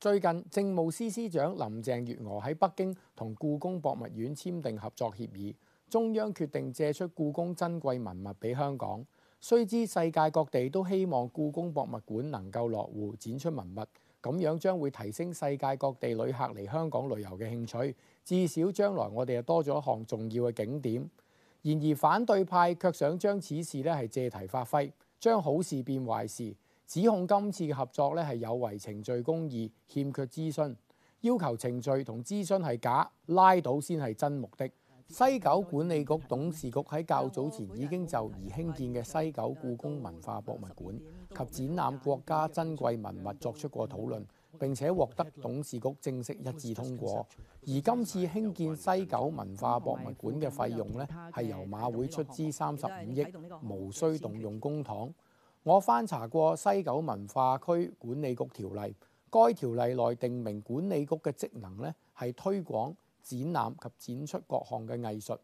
最近，政務司司長林鄭月娥喺北京同故宮博物院簽訂合作協議，中央決定借出故宮珍貴文物俾香港。雖知世界各地都希望故宮博物館能夠落戶展出文物，咁樣將會提升世界各地旅客嚟香港旅遊嘅興趣。至少將來我哋又多咗一項重要嘅景點。然而，反對派卻想將此事呢係借題發揮，將好事變壞事。指控今次嘅合作咧係有違程序公義，欠缺諮詢，要求程序同諮詢係假，拉倒先係真目的。西九管理局董事局喺較早前已經就而興建嘅西九故宮文化博物館及展覽國家珍貴文物作出過討論，並且獲得董事局正式一致通過。而今次興建西九文化博物館嘅費用呢，係由馬會出資三十五億，無需動用公帑。我翻查過西九文化區管理局條例，該條例內定明管理局嘅職能咧係推廣、展覽及展出各項嘅藝術，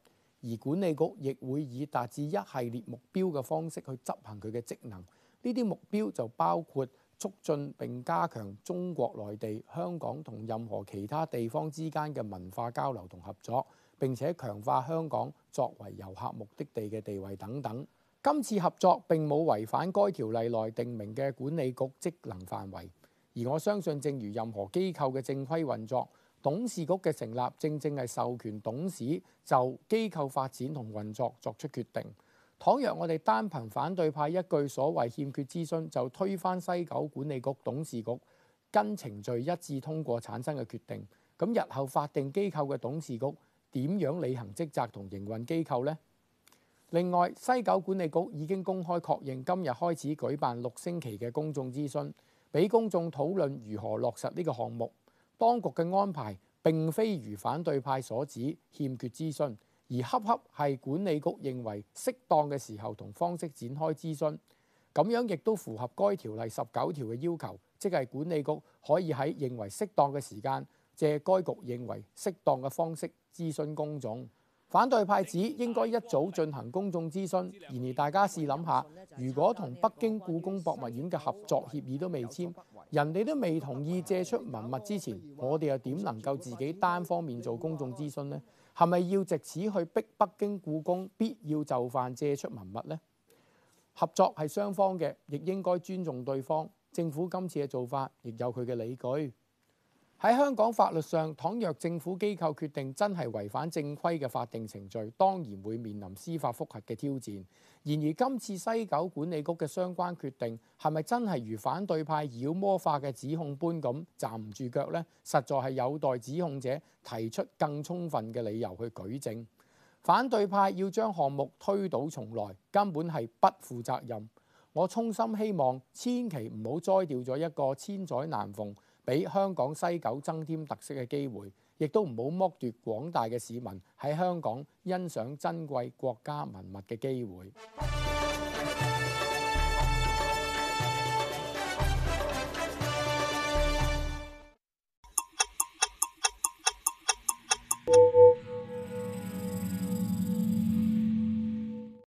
而管理局亦會以達至一系列目標嘅方式去執行佢嘅職能。呢啲目標就包括促進並加強中國內地、香港同任何其他地方之間嘅文化交流同合作，並且強化香港作為遊客目的地嘅地位等等。今次合作並冇違反該條例內訂明嘅管理局職能範圍，而我相信，正如任何機構嘅正規運作，董事局嘅成立正正係授權董事就機構發展同運作作出決定。倘若我哋單憑反對派一句所謂欠缺諮詢就推翻西九管理局董事局跟程序一致通過產生嘅決定，咁日後法定機構嘅董事局點樣履行職責同營運機構呢？另外，西九管理局已經公開確認，今日開始舉辦六星期嘅公眾諮詢，俾公眾討論如何落實呢個項目。當局嘅安排並非如反對派所指欠缺諮詢，而恰恰係管理局認為適當嘅時候同方式展開諮詢。咁樣亦都符合該條例十九條嘅要求，即係管理局可以喺認為適當嘅時間，借該局認為適當嘅方式諮詢公眾。反對派指應該一早進行公眾諮詢，然而大家試諗下，如果同北京故宮博物院嘅合作協議都未簽，人哋都未同意借出文物之前，我哋又點能夠自己單方面做公眾諮詢呢？係咪要藉此去逼北京故宮必要就範借出文物呢？合作係雙方嘅，亦應該尊重對方。政府今次嘅做法亦有佢嘅理據。喺香港法律上，倘若政府機構決定真係違反正規嘅法定程序，當然會面臨司法覆核嘅挑戰。然而今次西九管理局嘅相關決定係咪真係如反對派妖魔化嘅指控般咁站唔住腳呢？實在係有待指控者提出更充分嘅理由去舉證。反對派要將項目推倒重來，根本係不負責任。我衷心希望千祈唔好栽掉咗一個千載難逢俾香港西九增添特色嘅機會，亦都唔好剝奪廣大嘅市民喺香港欣賞珍貴國家文物嘅機會。